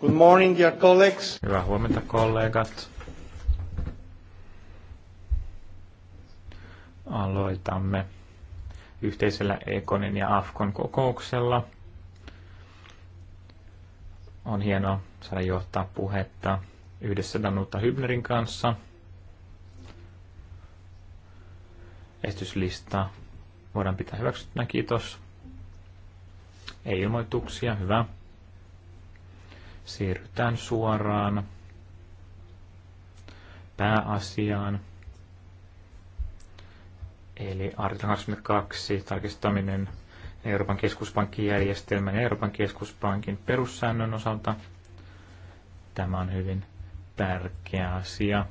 Good morning, dear colleagues. Hyvää huomenta, kollegat. Aloitamme yhteisellä Ekonin ja Afkon kokouksella. On hienoa saada johtaa puhetta yhdessä Danuta Hybnerin kanssa. Estyslista, voidaan pitää hyväksyttynä, kiitos. Ei ilmoituksia, hyvä. Siirrytään suoraan pääasiaan. Eli artikla 22 tarkistaminen Euroopan keskuspankin järjestelmän ja Euroopan keskuspankin perussäännön osalta. Tämä on hyvin tärkeä asia.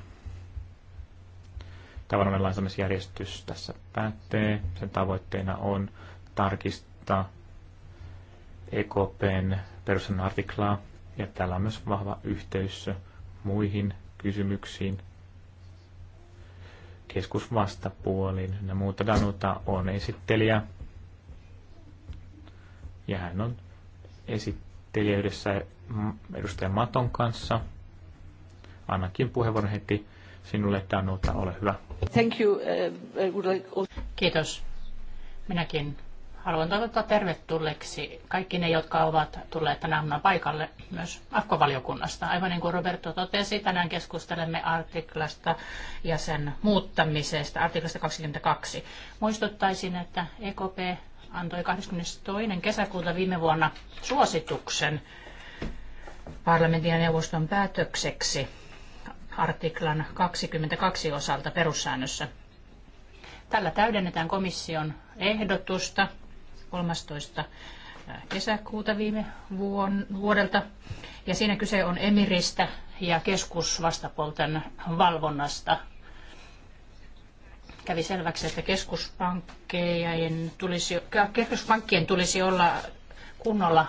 Tavaroiden lainsäädäntöjärjestys tässä päättee. Sen tavoitteena on tarkistaa EKPn perussäännön artiklaa ja täällä on myös vahva yhteys muihin kysymyksiin, keskusvastapuoliin ja muuta. Danuta on esittelijä ja hän on esittelijä yhdessä edustaja Maton kanssa. Annakin puheenvuoron heti sinulle, Danuta, ole hyvä. Thank you. Uh, Kiitos. Minäkin Haluan toivottaa tervetulleeksi kaikki ne, jotka ovat tulleet tänä aamuna paikalle myös afko Aivan niin kuin Roberto totesi, tänään keskustelemme artiklasta ja sen muuttamisesta, artiklasta 22. Muistuttaisin, että EKP antoi 22. kesäkuuta viime vuonna suosituksen parlamentin ja neuvoston päätökseksi artiklan 22 osalta perussäännössä. Tällä täydennetään komission ehdotusta 13. Äh, kesäkuuta viime vuodelta. Ja siinä kyse on Emiristä ja keskusvastapolten valvonnasta. Kävi selväksi, että keskuspankkien tulisi, keskuspankkien tulisi olla kunnolla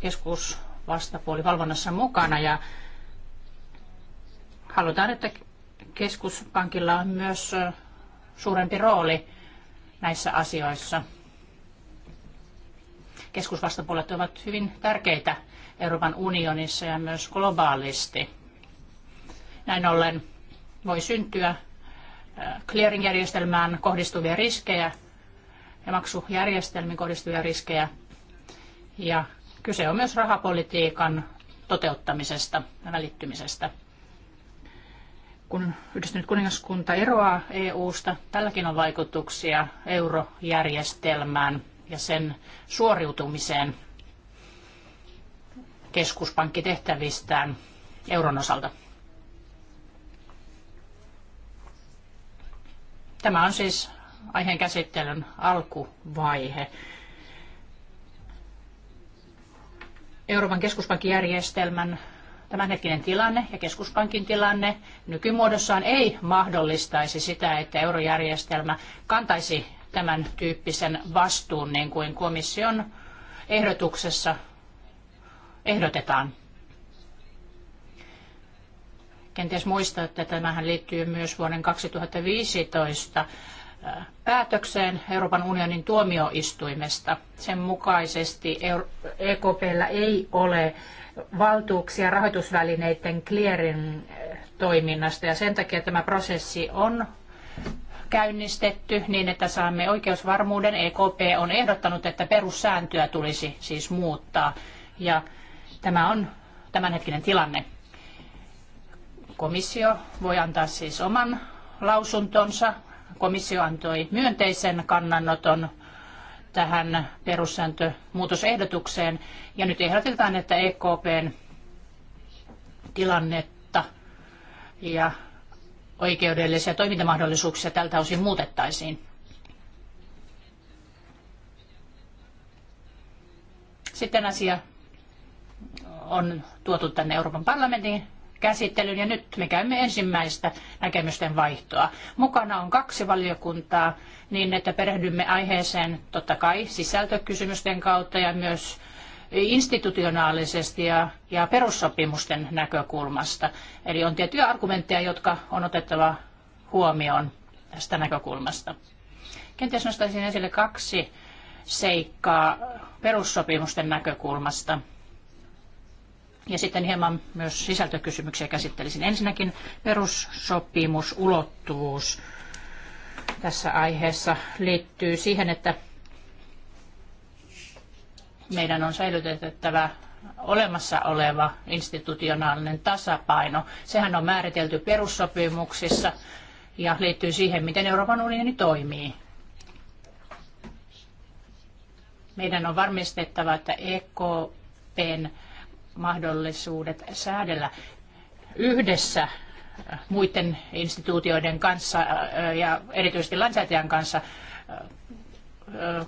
keskusvastapuoli valvonnassa mukana ja halutaan, että keskuspankilla on myös äh, suurempi rooli näissä asioissa keskusvastapuolet ovat hyvin tärkeitä Euroopan unionissa ja myös globaalisti. Näin ollen voi syntyä äh, clearing-järjestelmään kohdistuvia riskejä ja maksujärjestelmiin kohdistuvia riskejä. Ja kyse on myös rahapolitiikan toteuttamisesta ja välittymisestä. Kun yhdistynyt kuningaskunta eroaa EU-sta, tälläkin on vaikutuksia eurojärjestelmään ja sen suoriutumiseen keskuspankkitehtävistään euron osalta. Tämä on siis aiheen käsittelyn alkuvaihe. Euroopan keskuspankkijärjestelmän tämänhetkinen tilanne ja keskuspankin tilanne nykymuodossaan ei mahdollistaisi sitä, että eurojärjestelmä kantaisi tämän tyyppisen vastuun, niin kuin komission ehdotuksessa ehdotetaan. Kenties muistaa, että tämähän liittyy myös vuoden 2015 äh, päätökseen Euroopan unionin tuomioistuimesta. Sen mukaisesti EKPllä e ei ole valtuuksia rahoitusvälineiden klierin äh, toiminnasta ja sen takia tämä prosessi on käynnistetty niin, että saamme oikeusvarmuuden. EKP on ehdottanut, että perussääntöä tulisi siis muuttaa. Ja tämä on tämänhetkinen tilanne. Komissio voi antaa siis oman lausuntonsa. Komissio antoi myönteisen kannanoton tähän perussääntömuutosehdotukseen. Ja nyt ehdotetaan, että EKPn tilannetta ja oikeudellisia toimintamahdollisuuksia tältä osin muutettaisiin. Sitten asia on tuotu tänne Euroopan parlamentin käsittelyyn ja nyt me käymme ensimmäistä näkemysten vaihtoa. Mukana on kaksi valiokuntaa niin, että perehdymme aiheeseen totta kai sisältökysymysten kautta ja myös institutionaalisesti ja, ja perussopimusten näkökulmasta. Eli on tiettyjä argumentteja, jotka on otettava huomioon tästä näkökulmasta. Kenties nostaisin esille kaksi seikkaa perussopimusten näkökulmasta. Ja sitten hieman myös sisältökysymyksiä käsittelisin. Ensinnäkin perussopimusulottuvuus tässä aiheessa liittyy siihen, että meidän on säilytettävä olemassa oleva institutionaalinen tasapaino. Sehän on määritelty perussopimuksissa ja liittyy siihen, miten Euroopan unioni toimii. Meidän on varmistettava, että EKPn mahdollisuudet säädellä yhdessä muiden instituutioiden kanssa äh, ja erityisesti lainsäätäjän kanssa äh,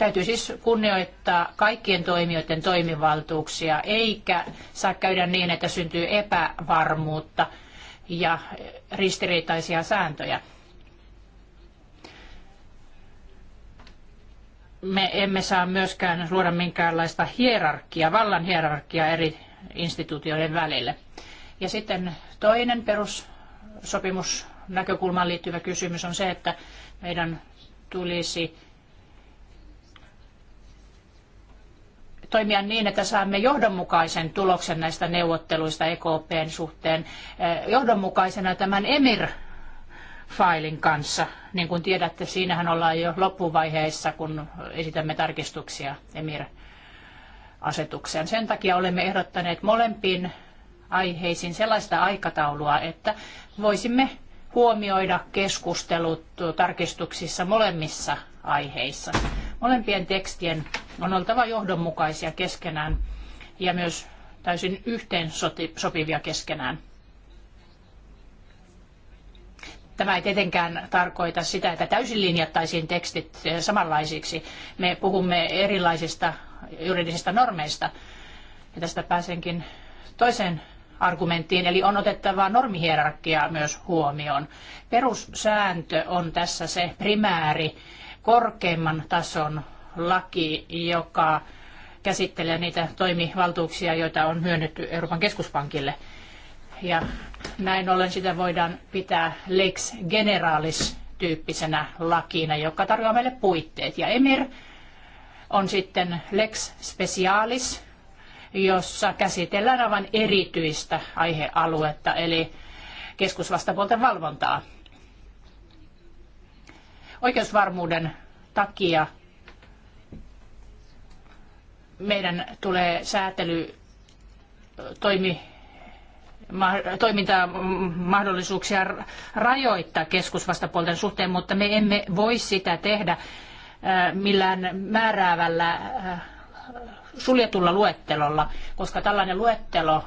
Täytyy siis kunnioittaa kaikkien toimijoiden toimivaltuuksia, eikä saa käydä niin, että syntyy epävarmuutta ja ristiriitaisia sääntöjä. Me emme saa myöskään luoda minkäänlaista hierarkiaa, vallan hierarkiaa eri instituutioiden välille. Ja sitten toinen perussopimusnäkökulmaan liittyvä kysymys on se, että meidän tulisi toimia niin, että saamme johdonmukaisen tuloksen näistä neuvotteluista EKPn suhteen eh, johdonmukaisena tämän EMIR failin kanssa. Niin kuin tiedätte, siinähän ollaan jo loppuvaiheessa, kun esitämme tarkistuksia EMIR-asetukseen. Sen takia olemme ehdottaneet molempiin aiheisiin sellaista aikataulua, että voisimme huomioida keskustelut tarkistuksissa molemmissa aiheissa. Molempien tekstien on oltava johdonmukaisia keskenään ja myös täysin yhteen sopivia keskenään. Tämä ei tietenkään tarkoita sitä, että täysin linjattaisiin tekstit samanlaisiksi. Me puhumme erilaisista juridisista normeista. Ja tästä pääsenkin toiseen argumenttiin, eli on otettava normihierarkia myös huomioon. Perussääntö on tässä se primääri korkeimman tason laki, joka käsittelee niitä toimivaltuuksia, joita on myönnetty Euroopan keskuspankille. Ja näin ollen sitä voidaan pitää lex generalis tyyppisenä lakina, joka tarjoaa meille puitteet. Ja EMIR on sitten lex specialis, jossa käsitellään aivan erityistä aihealuetta, eli keskusvastapuolten valvontaa oikeusvarmuuden takia meidän tulee säätely toimintaa toimintamahdollisuuksia rajoittaa keskusvastapuolten suhteen, mutta me emme voi sitä tehdä millään määräävällä suljetulla luettelolla, koska tällainen luettelo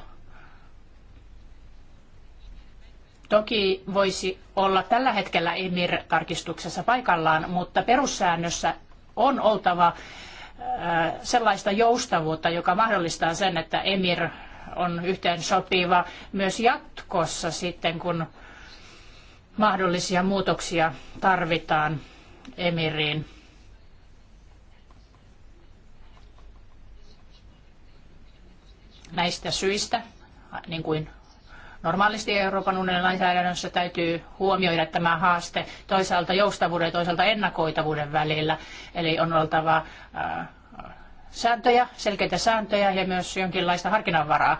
toki voisi olla tällä hetkellä EMIR-tarkistuksessa paikallaan, mutta perussäännössä on oltava sellaista joustavuutta, joka mahdollistaa sen, että EMIR on yhteen sopiva myös jatkossa sitten, kun mahdollisia muutoksia tarvitaan Emiriin. Näistä syistä, niin kuin Normaalisti Euroopan unionin lainsäädännössä täytyy huomioida tämä haaste toisaalta joustavuuden ja toisaalta ennakoitavuuden välillä. Eli on oltava äh, sääntöjä, selkeitä sääntöjä ja myös jonkinlaista harkinnanvaraa.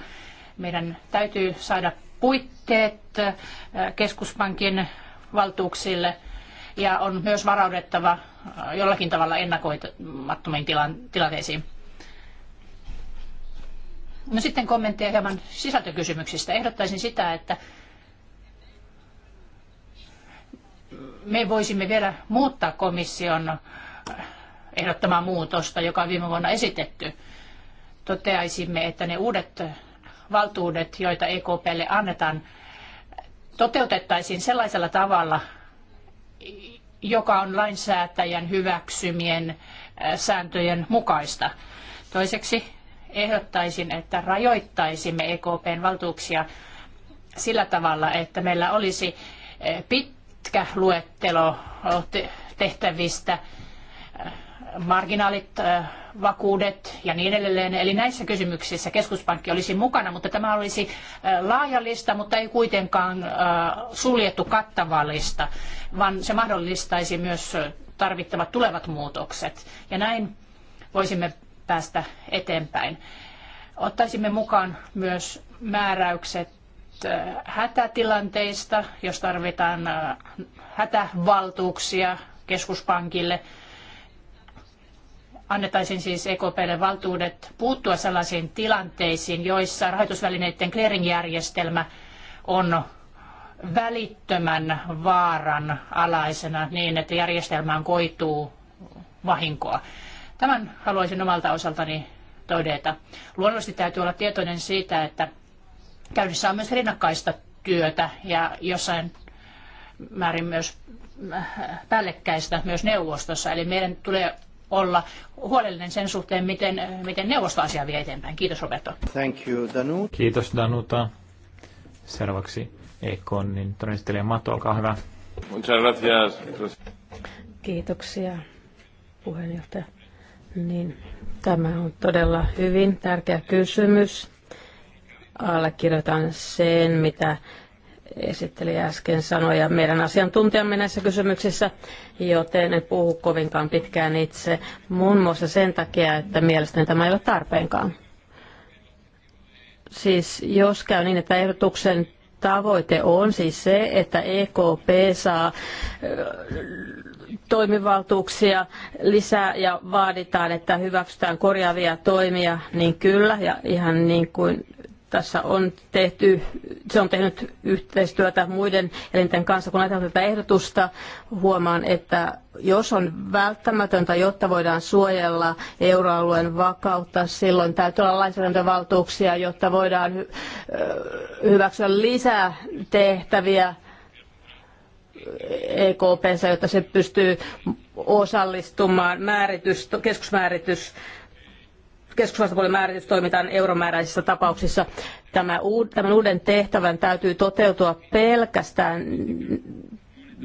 Meidän täytyy saada puitteet äh, keskuspankin valtuuksille ja on myös varaudettava äh, jollakin tavalla ennakoimattomiin tilanteisiin. No sitten kommentteja hieman sisältökysymyksistä. Ehdottaisin sitä, että me voisimme vielä muuttaa komission ehdottamaa muutosta, joka on viime vuonna esitetty. Toteaisimme, että ne uudet valtuudet, joita EKPlle annetaan, toteutettaisiin sellaisella tavalla, joka on lainsäätäjän hyväksymien sääntöjen mukaista. Toiseksi ehdottaisin, että rajoittaisimme EKPn valtuuksia sillä tavalla, että meillä olisi eh, pitkä luettelo tehtävistä, eh, marginaalit, eh, vakuudet ja niin edelleen. Eli näissä kysymyksissä keskuspankki olisi mukana, mutta tämä olisi laaja lista, mutta ei kuitenkaan suljettu kattava lista, vaan se mahdollistaisi myös tarvittavat tulevat muutokset. Ja näin voisimme päästä eteenpäin. Ottaisimme mukaan myös määräykset äh, hätätilanteista, jos tarvitaan äh, hätävaltuuksia keskuspankille. Annettaisiin siis EKPlle valtuudet puuttua sellaisiin tilanteisiin, joissa rahoitusvälineiden clearingjärjestelmä on välittömän vaaran alaisena niin, että järjestelmään koituu vahinkoa. Tämän haluaisin omalta osaltani todeta. Luonnollisesti täytyy olla tietoinen siitä, että käynnissä on myös rinnakkaista työtä ja jossain määrin myös äh, päällekkäistä myös neuvostossa. Eli meidän tulee olla huolellinen sen suhteen, miten, miten neuvostoasia vie eteenpäin. Kiitos Roberto. Thank you, Danu. Kiitos Danuta. Seuraavaksi Ekon, niin todistelija Matu, olkaa hyvä. Muchas gracias. Kiitoksia puheenjohtaja. Niin, tämä on todella hyvin tärkeä kysymys. Allekirjoitan sen, mitä esitteli äsken sanoi, ja meidän asiantuntijamme näissä kysymyksissä, joten en puhu kovinkaan pitkään itse, muun muassa sen takia, että mielestäni tämä ei ole tarpeenkaan. Siis jos käy niin, että ehdotuksen tavoite on siis se, että EKP saa toimivaltuuksia lisää ja vaaditaan, että hyväksytään korjaavia toimia, niin kyllä, ja ihan niin kuin tässä on tehty, se on tehnyt yhteistyötä muiden elinten kanssa. Kun ajatellaan tätä ehdotusta, huomaan, että jos on välttämätöntä, jotta voidaan suojella euroalueen vakautta, silloin täytyy olla lainsäädäntövaltuuksia, jotta voidaan hyväksyä lisää tehtäviä EKPnsä, jotta se pystyy osallistumaan määritys, keskusmääritys keskusvastapuolen määritys toimitaan euromääräisissä tapauksissa. Tämä tämän uuden tehtävän täytyy toteutua pelkästään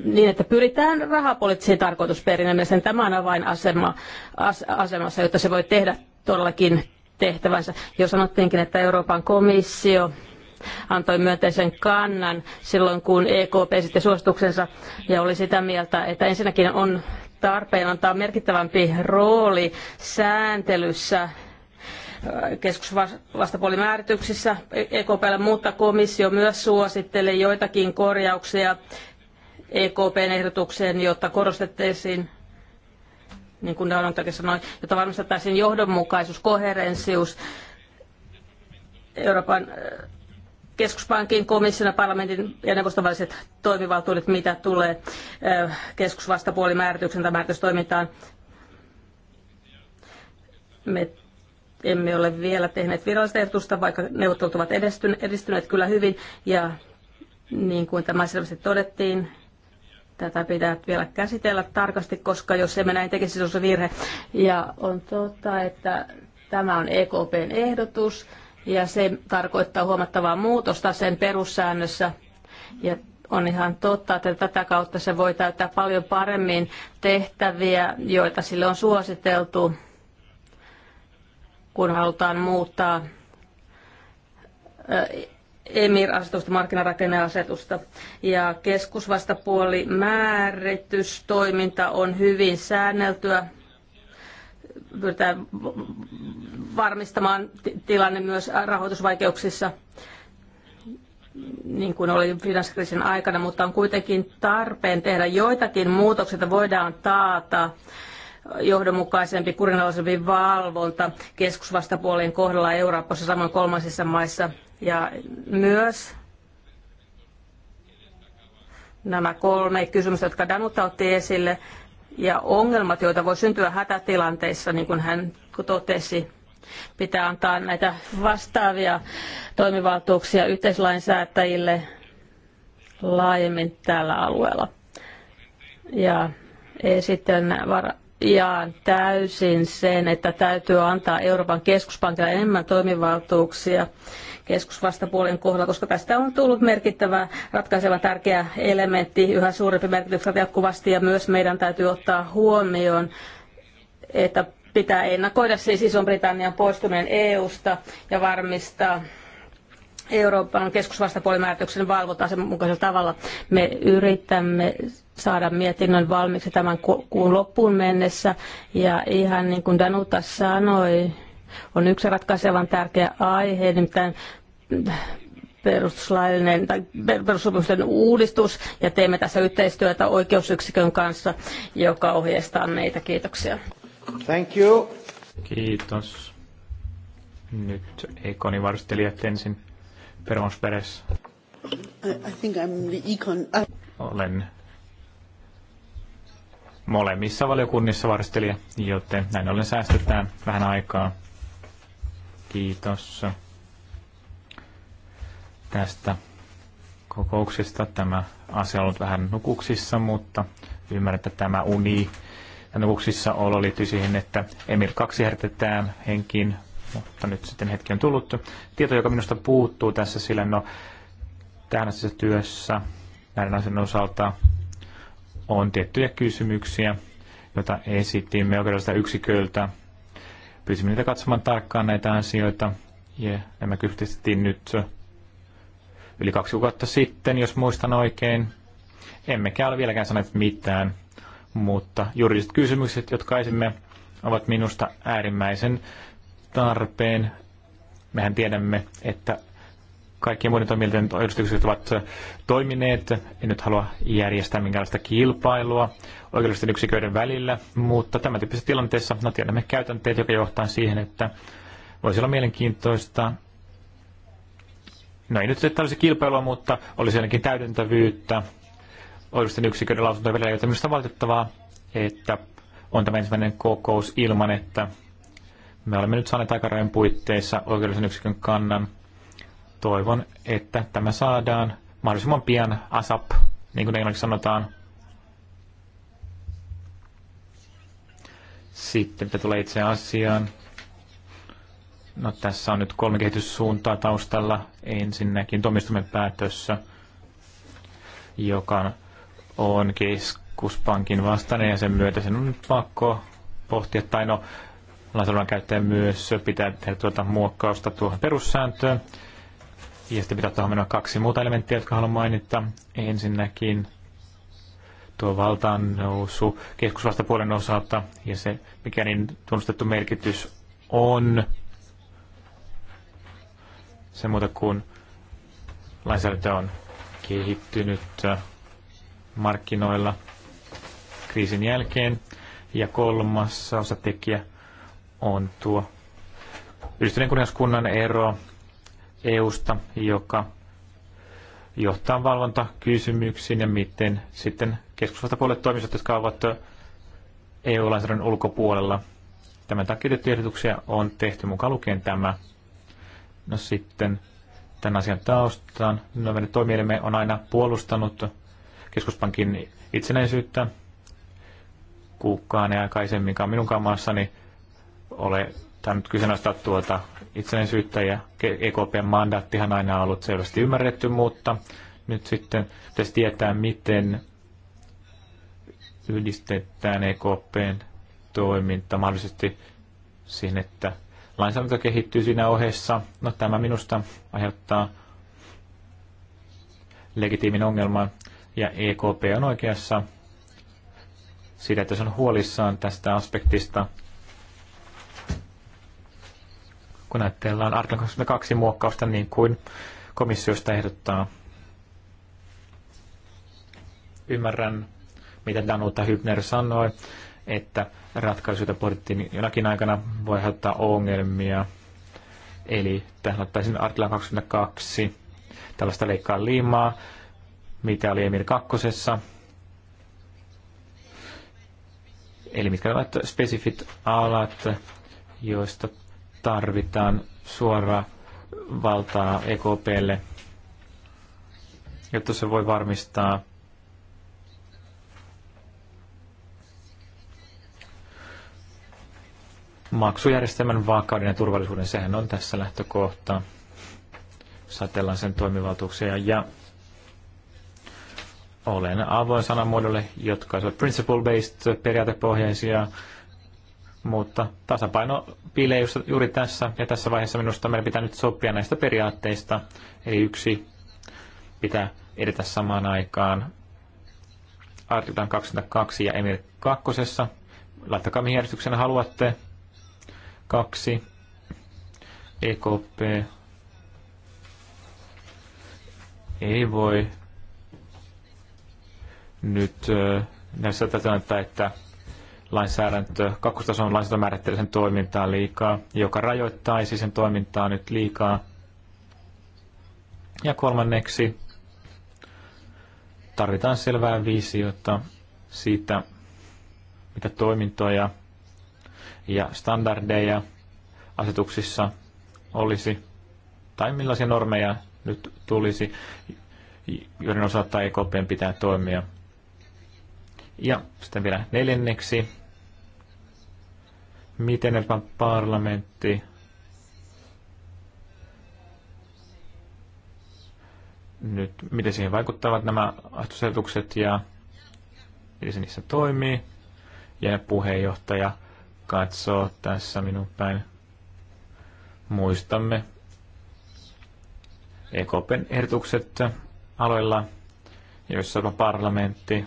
niin, että pyritään rahapoliittisiin tarkoitusperiin. Mielestäni tämä on avainasemassa, as, jotta se voi tehdä todellakin tehtävänsä. Jo sanottiinkin, että Euroopan komissio antoi myönteisen kannan silloin, kun EKP esitti suosituksensa ja oli sitä mieltä, että ensinnäkin on tarpeen antaa merkittävämpi rooli sääntelyssä äh, keskusvastapuolimäärityksissä EKPlle, mutta komissio myös suositteli joitakin korjauksia EKPn ehdotukseen, jotta korostettaisiin niin kuin Donald sanoi, jotta varmistettaisiin johdonmukaisuus, koherenssius Euroopan äh, keskuspankin, komission ja parlamentin ja neuvoston väliset toimivaltuudet, mitä tulee keskusvastapuolin tai määritystoimintaan. Me emme ole vielä tehneet virallista ehdotusta, vaikka neuvottelut ovat edistyneet kyllä hyvin. Ja niin kuin tämä selvästi todettiin, tätä pitää vielä käsitellä tarkasti, koska jos emme näin tekisi, se on virhe. Ja on totta, että tämä on EKPn ehdotus ja se tarkoittaa huomattavaa muutosta sen perussäännössä. Ja on ihan totta, että tätä kautta se voi täyttää paljon paremmin tehtäviä, joita sille on suositeltu, kun halutaan muuttaa EMIR-asetusta, markkinarakenneasetusta. Ja keskusvastapuoli määritystoiminta on hyvin säänneltyä pyritään varmistamaan tilanne myös rahoitusvaikeuksissa, niin kuin oli finanssikriisin aikana, mutta on kuitenkin tarpeen tehdä joitakin muutoksia, että voidaan taata johdonmukaisempi kurinalaisempi valvonta keskusvastapuolien kohdalla Euroopassa samoin kolmansissa maissa ja myös nämä kolme kysymystä, jotka Danuta otti esille, ja ongelmat, joita voi syntyä hätätilanteissa, niin kuin hän totesi, pitää antaa näitä vastaavia toimivaltuuksia yhteislainsäätäjille laajemmin tällä alueella. Ja sitten jaan täysin sen, että täytyy antaa Euroopan keskuspankille enemmän toimivaltuuksia keskusvastapuolen kohdalla, koska tästä on tullut merkittävä, ratkaiseva tärkeä elementti, yhä suurempi merkitys jatkuvasti ja myös meidän täytyy ottaa huomioon, että pitää ennakoida siis Ison-Britannian poistuminen EU-sta ja varmistaa Euroopan keskusvastapuolimäärätyksen valvotaan sen mukaisella tavalla. Me yritämme saada mietinnön valmiiksi tämän kuun loppuun mennessä ja ihan niin kuin Danuta sanoi, on yksi ratkaisevan tärkeä aihe, nimittäin perustuslaillinen tai perussopimusten uudistus ja teemme tässä yhteistyötä oikeusyksikön kanssa, joka ohjeistaa meitä. Kiitoksia. Thank you. Kiitos. Nyt Ekoni varustelijat ensin. Peronsperes. I think I'm the econ. Uh, Olen molemmissa valiokunnissa varustelija, joten näin ollen säästetään vähän aikaa. Kiitos tästä kokouksesta. Tämä asia on ollut vähän nukuksissa, mutta ymmärrän, että tämä uni ja nukuksissa olo liittyy siihen, että Emil 2 herätetään henkiin, mutta nyt sitten hetki on tullut. Tieto, joka minusta puuttuu tässä, sillä no tähän työssä näiden asian osalta on tiettyjä kysymyksiä, joita esitimme oikeastaan yksiköltä Pyysimme niitä katsomaan tarkkaan näitä asioita. Ja nämä kyhtistettiin nyt yli kaksi kuukautta sitten, jos muistan oikein. Emmekä ole vieläkään sanoneet mitään, mutta juridiset kysymykset, jotka esimme, ovat minusta äärimmäisen tarpeen. Mehän tiedämme, että kaikkien muiden toimijoiden edustukset ovat toimineet. En nyt halua järjestää minkäänlaista kilpailua oikeudellisten yksiköiden välillä, mutta tämän tyyppisessä tilanteessa no, tiedämme käytänteet, joka johtaa siihen, että voisi olla mielenkiintoista. No ei nyt että olisi kilpailua, mutta olisi ainakin täydentävyyttä oikeudellisten yksiköiden lausuntojen välillä, ei ole valitettavaa, että on tämä ensimmäinen kokous ilman, että me olemme nyt saaneet aikarajan puitteissa oikeudellisen yksikön kannan toivon, että tämä saadaan mahdollisimman pian ASAP, niin kuin englanniksi sanotaan. Sitten mitä tulee itse asiaan. No tässä on nyt kolme kehityssuuntaa taustalla. Ensinnäkin tuomioistuimen päätössä, joka on keskuspankin vastainen ja sen myötä sen on nyt pakko pohtia, tai no lainsäädännön käyttäjä myös pitää tehdä tuota muokkausta tuohon perussääntöön ja sitten pitää tuohon mennä kaksi muuta elementtiä, jotka haluan mainita. Ensinnäkin tuo valtaan nousu keskusvastapuolen osalta ja se, mikä niin tunnustettu merkitys on. Se muuta kuin lainsäädäntö on kehittynyt markkinoilla kriisin jälkeen. Ja kolmas osatekijä on tuo yhdistyneen kuningaskunnan ero EUsta, joka johtaa valvontakysymyksiin ja miten sitten keskusvastapuolet toimisivat, jotka ovat EU-lainsäädännön ulkopuolella. Tämän takia tiettyjä on tehty mukaan lukien tämä. No sitten tämän asian taustaan. No meidän toimielimme on aina puolustanut keskuspankin itsenäisyyttä. Kukaan ei aikaisemminkaan minunkaan maassani ole nyt kyseenalaistaa tuota itsenäinen syyttäjä. EKPn mandaattihan aina on ollut selvästi ymmärretty, mutta nyt sitten pitäisi tietää, miten yhdistetään EKPn toiminta mahdollisesti siihen, että lainsäädäntö kehittyy siinä ohessa. No tämä minusta aiheuttaa legitiimin ongelman ja EKP on oikeassa siitä, että se on huolissaan tästä aspektista, kun ajatellaan artikla 22 muokkausta niin kuin komissiosta ehdottaa. Ymmärrän, mitä Danuta Hübner sanoi, että ratkaisuja pohdittiin jonakin aikana voi aiheuttaa ongelmia. Eli tähän ottaisin artikla 22 tällaista leikkaa liimaa, mitä oli Emir kakkosessa. Eli mitkä ovat spesifit alat, joista tarvitaan suoraa valtaa EKPlle, jotta se voi varmistaa maksujärjestelmän vakauden ja turvallisuuden. Sehän on tässä lähtökohta. Satellaan sen toimivaltuuksia ja olen avoin sanamuodolle, jotka ovat principle-based, periaatepohjaisia, mutta tasapaino piilee juuri tässä, ja tässä vaiheessa minusta meidän pitää nyt sopia näistä periaatteista. Eli yksi pitää edetä samaan aikaan artiklan 22 ja Emir 2. Laittakaa mihin järjestyksenä haluatte. Kaksi. EKP. Ei voi nyt näissä tätä, että lainsäädäntö, kakkostason lainsäädäntö määrittelee sen toimintaa liikaa, joka rajoittaisi sen toimintaa nyt liikaa. Ja kolmanneksi tarvitaan selvää visiota siitä, mitä toimintoja ja standardeja asetuksissa olisi, tai millaisia normeja nyt tulisi, joiden osalta EKP pitää toimia. Ja sitten vielä neljänneksi miten Euroopan parlamentti nyt, miten siihen vaikuttavat nämä asetukset ja miten se niissä toimii. Ja puheenjohtaja katsoo tässä minun päin. Muistamme EKPn ehdotukset aloilla, joissa parlamentti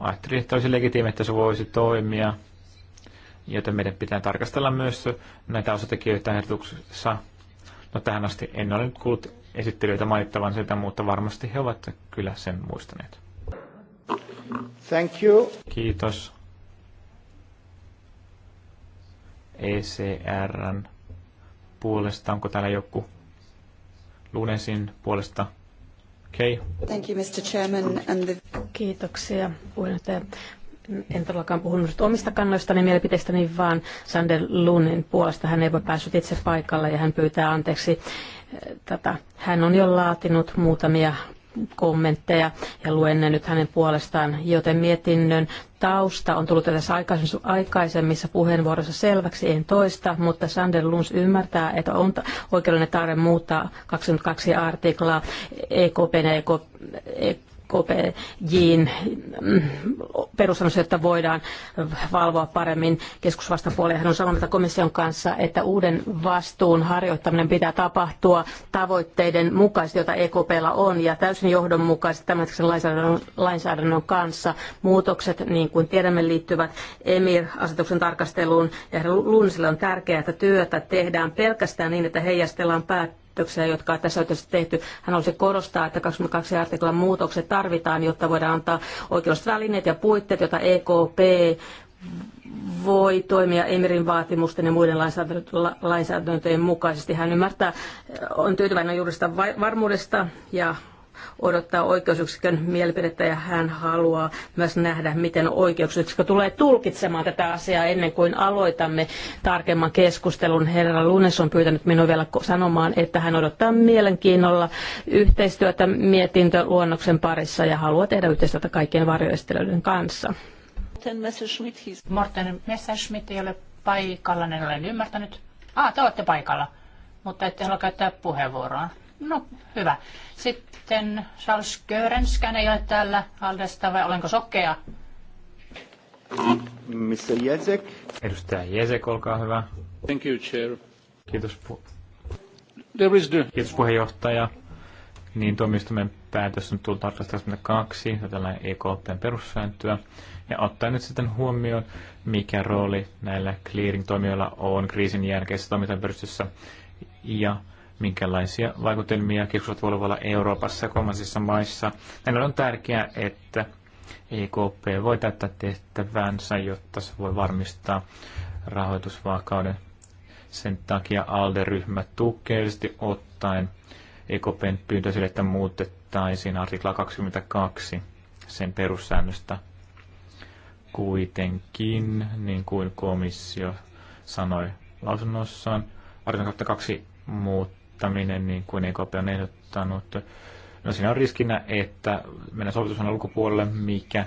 ajatteli, että olisi legitiimi, että se voisi toimia – joten meidän pitää tarkastella myös näitä osatekijöitä ehdotuksessa. No tähän asti en ole nyt kuullut esittelyitä mainittavan sitä, mutta varmasti he ovat kyllä sen muistaneet. Thank you. Kiitos. ECRn puolesta, onko täällä joku Lunesin puolesta? Okay. Thank you, Mr. Chairman, and the... Kiitoksia puheenjohtaja en todellakaan puhunut omista kannoistani mielipiteistäni, vaan Sander Lunin puolesta hän ei voi päässyt itse paikalle ja hän pyytää anteeksi eh, tätä. Hän on jo laatinut muutamia kommentteja ja luen ne nyt hänen puolestaan, joten mietinnön tausta on tullut tässä aikaisemmissa puheenvuoroissa selväksi, en toista, mutta Sander Luns ymmärtää, että on oikeudellinen tarve muuttaa 22 artiklaa EKP ja EK, e- KPJin mm, perustamista, jotta voidaan valvoa paremmin keskusvastapuolia. Hän on samaa mieltä komission kanssa, että uuden vastuun harjoittaminen pitää tapahtua tavoitteiden mukaisesti, joita EKPlla on, ja täysin johdonmukaisesti tämän lainsäädännön, lainsäädännön kanssa. Muutokset, niin kuin tiedämme, liittyvät EMIR-asetuksen tarkasteluun, ja Luuniselle on tärkeää, että työtä tehdään pelkästään niin, että heijastellaan päättyä päätöksiä, jotka on tässä yhteydessä tehty. Hän halusi korostaa, että 22 artiklan muutokset tarvitaan, jotta voidaan antaa oikeudelliset välineet ja puitteet, joita EKP voi toimia Emirin vaatimusten ja muiden lainsäädäntöjen mukaisesti. Hän ymmärtää, on tyytyväinen sitä varmuudesta ja odottaa oikeusyksikön mielipidettä ja hän haluaa myös nähdä, miten oikeusyksikkö tulee tulkitsemaan tätä asiaa ennen kuin aloitamme tarkemman keskustelun. Herra Lunes on pyytänyt minua vielä sanomaan, että hän odottaa mielenkiinnolla yhteistyötä mietintöluonnoksen parissa ja haluaa tehdä yhteistyötä kaikkien varjoistelijoiden kanssa. Morten Messerschmidt ei ole paikalla, en olen ymmärtänyt. Ah, te olette paikalla, mutta ette halua käyttää puheenvuoroa. No, hyvä. Sitten Charles Görenskän ei ole täällä Aldesta, vai olenko sokea? Mr. Jezek. Edustaja Jezek, olkaa hyvä. Thank you, Chair. Kiitos, pu- There is the... Kiitos puheenjohtaja. Niin tuomioistuimen päätös on tullut artikla 2, tällainen EKPn perussääntöä. Ja ottaen nyt sitten huomioon, mikä rooli näillä clearing-toimijoilla on kriisin jälkeisessä toimintaympäristössä. Ja minkälaisia vaikutelmia keskustelut voivat olla Euroopassa ja kolmansissa maissa. Näillä on tärkeää, että EKP voi täyttää tehtävänsä, jotta se voi varmistaa rahoitusvakauden. Sen takia ALDE-ryhmä tukeellisesti ottaen EKPn pyyntö sille, että muutettaisiin artikla 22 sen perussäännöstä kuitenkin, niin kuin komissio sanoi lausunnossaan. Artikla 22 muut asettaminen, niin kuin EKP on ehdottanut. No siinä on riskinä, että mennään sovitusajan ulkopuolelle, mikä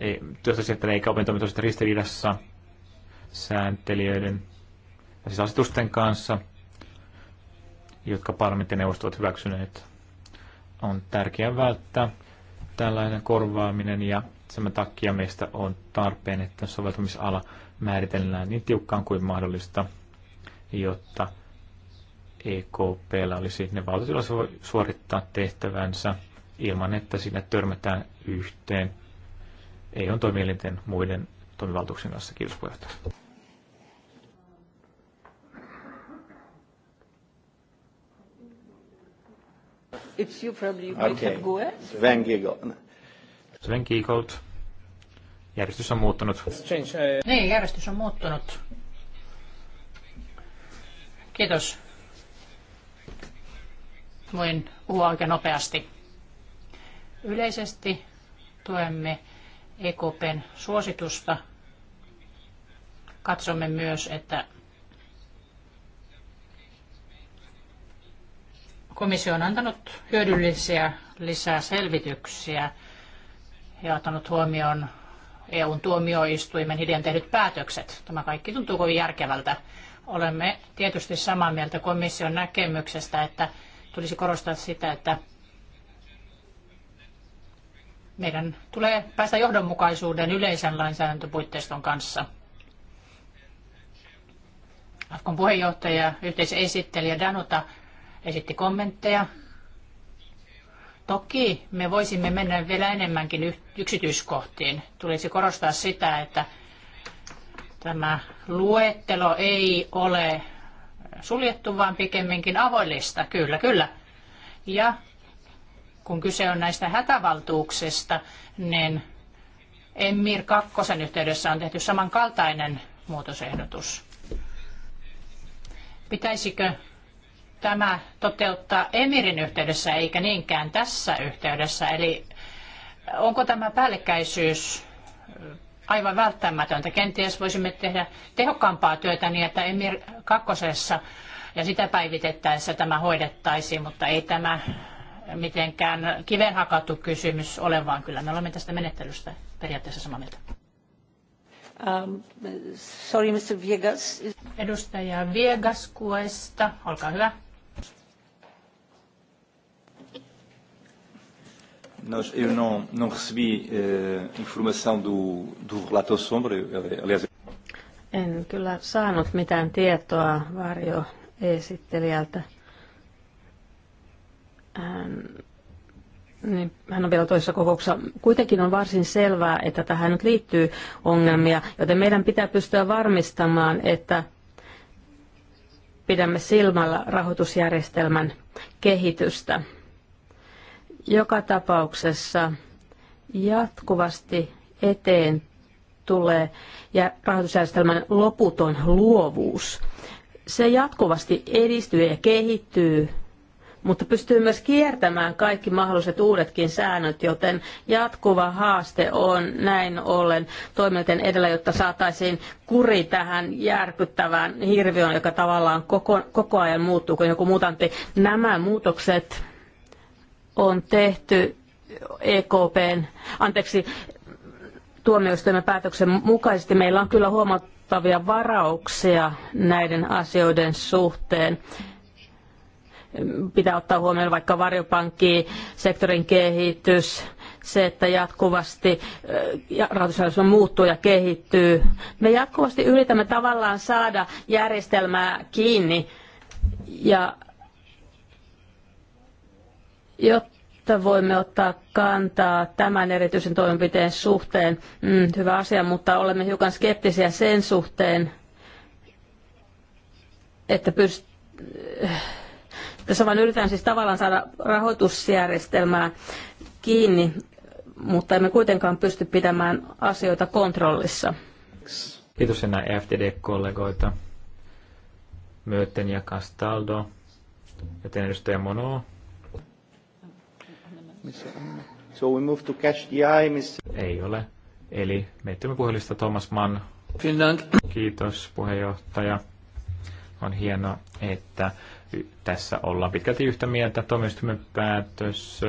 ei, työstäisi, että EKPn toiminta ristiriidassa sääntelijöiden ja siis asetusten kanssa, jotka parlamenttineuvostot ovat hyväksyneet. On tärkeää välttää tällainen korvaaminen ja sen takia meistä on tarpeen, että soveltamisala määritellään niin tiukkaan kuin mahdollista, jotta ekp olisi ne voi suorittaa tehtävänsä ilman, että sinne törmätään yhteen ei on toimielinten muiden toimivaltuuksien kanssa. Kiitos puheenjohtaja. It's you probably you okay. go Sven Giegold. Sven Giegold. Järjestys on muuttunut. Change, uh... Niin, järjestys on muuttunut. Kiitos voin puhua aika nopeasti. Yleisesti tuemme EKPn suositusta. Katsomme myös, että komissio on antanut hyödyllisiä lisää selvityksiä ja ottanut huomioon EUn tuomioistuimen hiden tehdyt päätökset. Tämä kaikki tuntuu kovin järkevältä. Olemme tietysti samaa mieltä komission näkemyksestä, että tulisi korostaa sitä, että meidän tulee päästä johdonmukaisuuden yleisen lainsäädäntöpuitteiston kanssa. Afkon puheenjohtaja, yhteisesittelijä Danuta esitti kommentteja. Toki me voisimme mennä vielä enemmänkin yksityiskohtiin. Tulisi korostaa sitä, että tämä luettelo ei ole suljettu, vaan pikemminkin avoillista. Kyllä, kyllä. Ja kun kyse on näistä hätävaltuuksista, niin Emir kakkosen yhteydessä on tehty samankaltainen muutosehdotus. Pitäisikö tämä toteuttaa Emirin yhteydessä eikä niinkään tässä yhteydessä? Eli onko tämä päällekkäisyys aivan välttämätöntä. Kenties voisimme tehdä tehokkaampaa työtä niin, että Emir kakkosessa ja sitä päivitettäessä tämä hoidettaisiin, mutta ei tämä mitenkään kiven hakattu kysymys ole, vaan kyllä me olemme tästä menettelystä periaatteessa samaa mieltä. Um, sorry, Mr. Viegas. Edustaja Viegas Kuesta, olkaa hyvä. Nós, eu não, não recebi eh, informação do, do relator sombra, aliás... En kyllä saanut mitään tietoa varjoesittelijältä. Hän, niin, hän on vielä toisessa kokouksessa. Kuitenkin on varsin selvää, että tähän nyt liittyy ongelmia, joten meidän pitää pystyä varmistamaan, että pidämme silmällä rahoitusjärjestelmän kehitystä joka tapauksessa jatkuvasti eteen tulee ja rahoitusjärjestelmän loputon luovuus. Se jatkuvasti edistyy ja kehittyy, mutta pystyy myös kiertämään kaikki mahdolliset uudetkin säännöt, joten jatkuva haaste on näin ollen toimijoiden edellä, jotta saataisiin kuri tähän järkyttävään hirviön, joka tavallaan koko, koko ajan muuttuu, kun joku mutantti. Nämä muutokset on tehty EKPn, anteeksi, tuomioistuimen päätöksen mukaisesti. Meillä on kyllä huomattavia varauksia näiden asioiden suhteen pitää ottaa huomioon vaikka varjopankki, sektorin kehitys, se, että jatkuvasti rahoitusjärjestelmä muuttuu ja kehittyy. Me jatkuvasti yritämme tavallaan saada järjestelmää kiinni ja jotta voimme ottaa kantaa tämän erityisen toimenpiteen suhteen. Mm, hyvä asia, mutta olemme hiukan skeptisiä sen suhteen, että pyst- tässä vain yritetään siis tavallaan saada rahoitusjärjestelmää kiinni, mutta emme kuitenkaan pysty pitämään asioita kontrollissa. Kiitos enää FTD-kollegoita. Myöten ja Castaldo, joten edustaja Mono. So we move to catch the eye, Ei ole. Eli miettimme puhelista Thomas Mann. Finland. Kiitos puheenjohtaja. On hienoa, että tässä ollaan pitkälti yhtä mieltä. Tuomioistumme päätös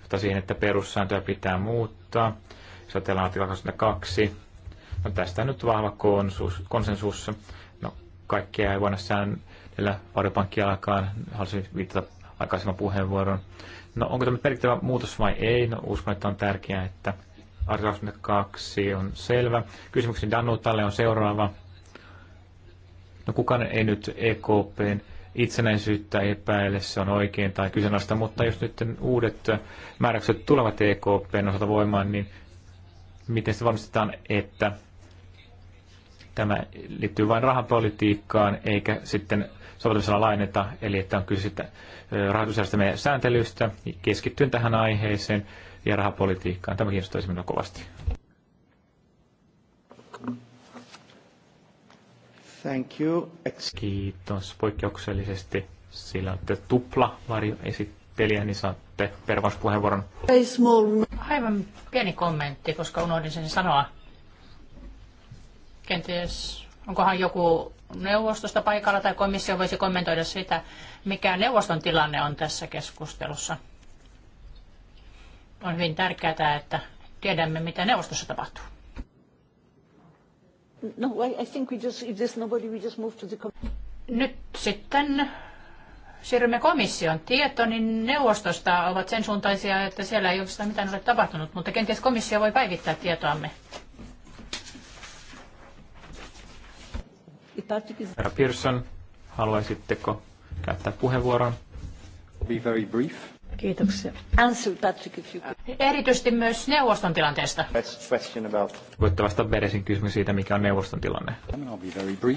johtaa siihen, että perussääntöä pitää muuttaa. Jos ajatellaan artikla 22, no tästä on nyt vahva konsus, konsensus. No, kaikkea ei voida säännellä alkaa. Haluaisin viitata aikaisemman puheenvuoron. No onko tämä merkittävä muutos vai ei? No uskon, että on tärkeää, että artikla 2 on selvä. Kysymykseni Danutalle on seuraava. No kukaan ei nyt EKPn itsenäisyyttä epäile, se on oikein tai kyseenalaista, mutta jos nyt uudet määräykset tulevat EKPn osalta voimaan, niin miten se varmistetaan, että tämä liittyy vain rahapolitiikkaan eikä sitten soveltamisella lainetta, eli että on kyse rahoitusjärjestelmien sääntelystä, keskittyen tähän aiheeseen ja rahapolitiikkaan. Tämä kiinnostaisi minua kovasti. Thank you. Kiitos poikkeuksellisesti. Sillä olette tupla esittelijä, niin saatte pervauspuheenvuoron. Aivan pieni kommentti, koska unohdin sen sanoa. Kenties Onkohan joku neuvostosta paikalla tai komissio voisi kommentoida sitä, mikä neuvoston tilanne on tässä keskustelussa? On hyvin tärkeää, että tiedämme, mitä neuvostossa tapahtuu. No, I think we just, if there's nobody, we just move to the... Nyt sitten siirrymme komission tietoon, niin neuvostosta ovat sen suuntaisia, että siellä ei oikeastaan mitään ole tapahtunut, mutta kenties komissio voi päivittää tietoamme. Herra Pearson, haluaisitteko käyttää puheenvuoron? Be very brief. Kiitoksia. Answer, Patrick, if you Erityisesti myös neuvoston tilanteesta. Voitte vastata Beresin kysymys siitä, mikä on neuvoston tilanne. Uh,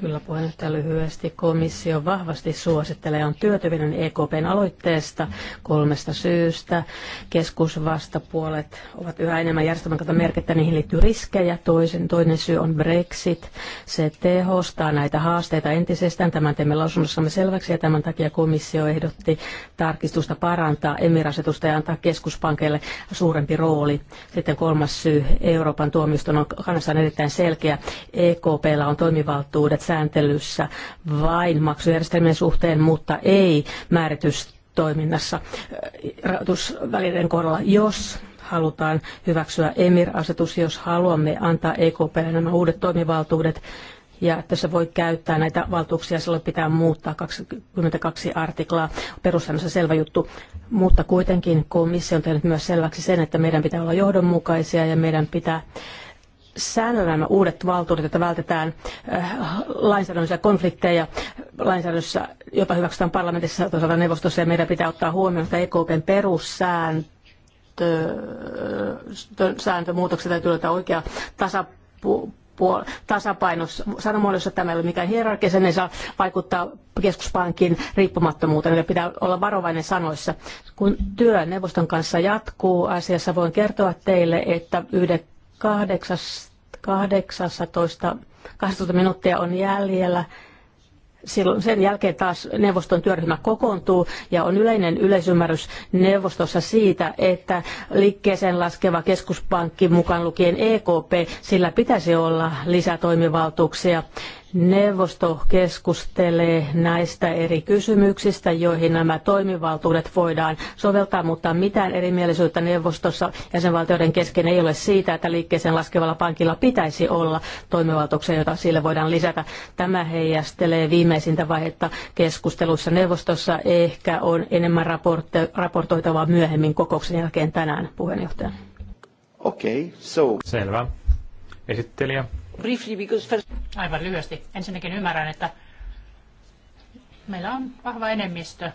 Kyllä puheenjohtaja lyhyesti. Komissio vahvasti suosittelee on työtyvinen EKPn aloitteesta kolmesta syystä. Keskusvastapuolet ovat yhä enemmän järjestelmän kautta merkittä, niihin liittyy riskejä. Toisen, toinen syy on Brexit. Se tehostaa näitä haasteita entisestään. Tämän teemme lausunnossamme selväksi ja tämän takia komissio ehdotti tarkistusta parantaa emirasetusta ja antaa keskuspankeille suurempi rooli. Sitten kolmas syy Euroopan tuomiston on kanssa erittäin selkeä. EKPllä on toimivaltuudet sääntelyssä vain maksujärjestelmien suhteen, mutta ei määritystoiminnassa äh, rahoitusvälineiden kohdalla, jos halutaan hyväksyä EMIR-asetus, jos haluamme antaa EKPlle nämä uudet toimivaltuudet, ja että se voi käyttää näitä valtuuksia, silloin pitää muuttaa 22 artiklaa. Perussäännössä selvä juttu, mutta kuitenkin komissio on tehnyt myös selväksi sen, että meidän pitää olla johdonmukaisia ja meidän pitää säännöllä nämä uudet valtuudet, että vältetään äh, lainsäädännöllisiä konflikteja lainsäädännössä, jota hyväksytään parlamentissa toisaalta neuvostossa, ja meidän pitää ottaa huomioon, että EKPn sääntömuutoksia täytyy olla oikea tasapaino puol- tasapainossa, sanamuodossa tämä ei ole mikään hierarkia, sen ei saa vaikuttaa keskuspankin riippumattomuuteen, eli pitää olla varovainen sanoissa. Kun työ neuvoston kanssa jatkuu asiassa, voin kertoa teille, että yhden 18, 18 minuuttia on jäljellä silloin sen jälkeen taas neuvoston työryhmä kokoontuu ja on yleinen yleisymmärrys neuvostossa siitä, että liikkeeseen laskeva keskuspankki mukaan lukien EKP, sillä pitäisi olla lisätoimivaltuuksia Neuvosto keskustelee näistä eri kysymyksistä, joihin nämä toimivaltuudet voidaan soveltaa, mutta mitään erimielisyyttä neuvostossa jäsenvaltioiden kesken ei ole siitä, että liikkeeseen laskevalla pankilla pitäisi olla toimivaltuuksia, joita sille voidaan lisätä. Tämä heijastelee viimeisintä vaihetta keskustelussa neuvostossa. Ehkä on enemmän raportoitavaa myöhemmin kokouksen jälkeen tänään, puheenjohtaja. Okei, okay, so. Selvä. Esittelijä, briefly because first... Aivan lyhyesti. Ensinnäkin ymmärrän, että meillä on vahva enemmistö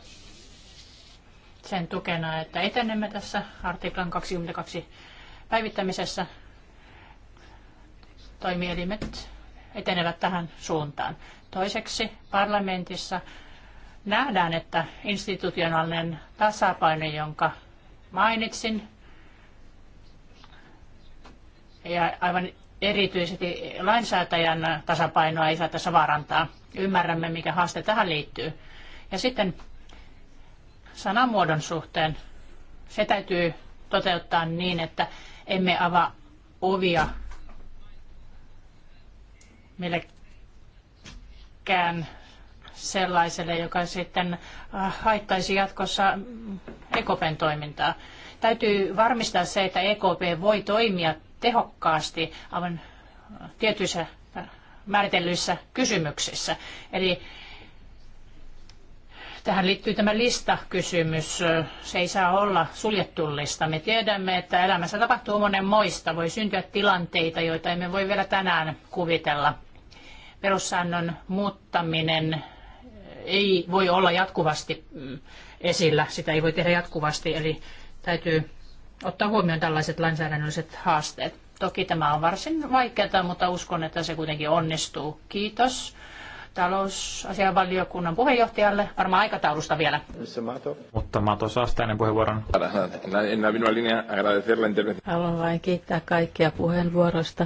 sen tukena, että etenemme tässä artiklan 22 päivittämisessä. Toimielimet etenevät tähän suuntaan. Toiseksi parlamentissa nähdään, että institutionaalinen tasapaino, jonka mainitsin, ja aivan erityisesti lainsäätäjän tasapainoa ei saa tässä vaarantaa. Ymmärrämme, mikä haaste tähän liittyy. Ja sitten sanamuodon suhteen se täytyy toteuttaa niin, että emme avaa ovia millekään sellaiselle, joka sitten äh, haittaisi jatkossa EKPn toimintaa. Täytyy varmistaa se, että EKP voi toimia tehokkaasti aivan äh, tietyissä äh, määritellyissä kysymyksissä. Eli tähän liittyy tämä listakysymys. Äh, se ei saa olla suljettu lista. Me tiedämme, että elämässä tapahtuu monen moista. Voi syntyä tilanteita, joita emme voi vielä tänään kuvitella. Perussäännön muuttaminen ei voi olla jatkuvasti mm, esillä. Sitä ei voi tehdä jatkuvasti, eli täytyy ottaa huomioon tällaiset lainsäädännölliset haasteet. Toki tämä on varsin vaikeaa, mutta uskon, että se kuitenkin onnistuu. Kiitos talousasianvaliokunnan puheenjohtajalle. Varmaan aikataulusta vielä. Mutta Mato Saastainen puheenvuoron. Haluan vain kiittää kaikkia puheenvuoroista.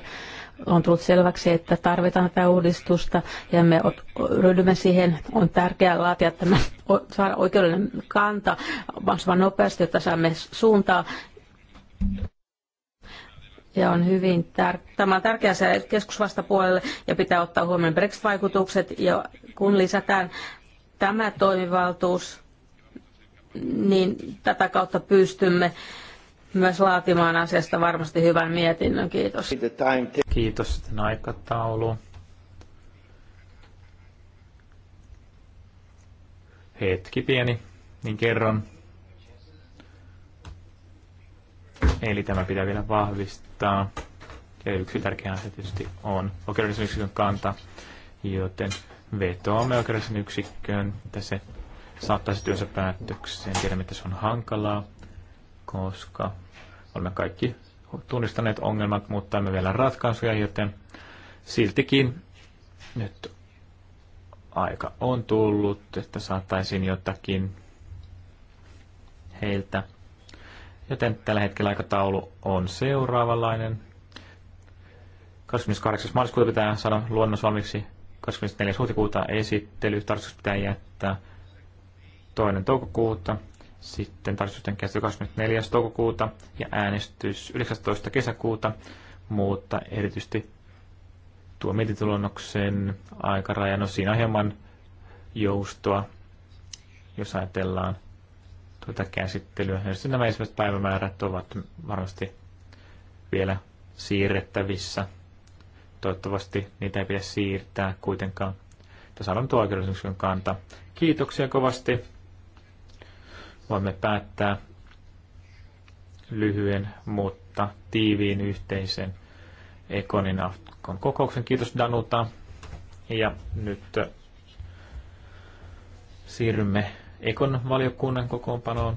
On tullut selväksi, että tarvitaan tätä uudistusta ja me ryhdymme siihen. On tärkeää laatia tämä saada oikeudellinen kanta mahdollisimman nopeasti, jotta saamme suuntaa ja on hyvin tär- Tämä on tärkeä se keskusvastapuolelle ja pitää ottaa huomioon Brexit-vaikutukset. Ja kun lisätään tämä toimivaltuus, niin tätä kautta pystymme myös laatimaan asiasta varmasti hyvän mietinnön. Kiitos. Kiitos sitten aikataulu. Hetki pieni, niin kerron. Eli tämä pitää vielä vahvistaa. Ja yksi tärkeä asia tietysti on oikeudellisen yksikön kanta, joten vetoamme oikeudellisen yksikköön, että se saattaisi työnsä päätökseen. Tiedämme, että se on hankalaa, koska olemme kaikki tunnistaneet ongelmat, mutta emme vielä ratkaisuja, joten siltikin nyt aika on tullut, että saattaisin jotakin heiltä Joten tällä hetkellä aikataulu on seuraavanlainen. 28. maaliskuuta pitää saada luonnos valmiiksi. 24. huhtikuuta esittely. Tarkastus pitää jättää toinen toukokuuta. Sitten tarkistusten käsittely 24. toukokuuta ja äänestys 19. kesäkuuta. Mutta erityisesti tuo mietintöluonnoksen aikaraja, no siinä on hieman joustoa, jos ajatellaan tätä käsittelyä. Ja sitten nämä ensimmäiset päivämäärät ovat varmasti vielä siirrettävissä. Toivottavasti niitä ei pidä siirtää kuitenkaan. Tässä on tuo oikeudellisuuden kanta. Kiitoksia kovasti. Voimme päättää lyhyen, mutta tiiviin yhteisen Ekonin kokouksen. Kiitos Danuta. Ja nyt siirrymme Ekon valiokunnan kokoonpanoon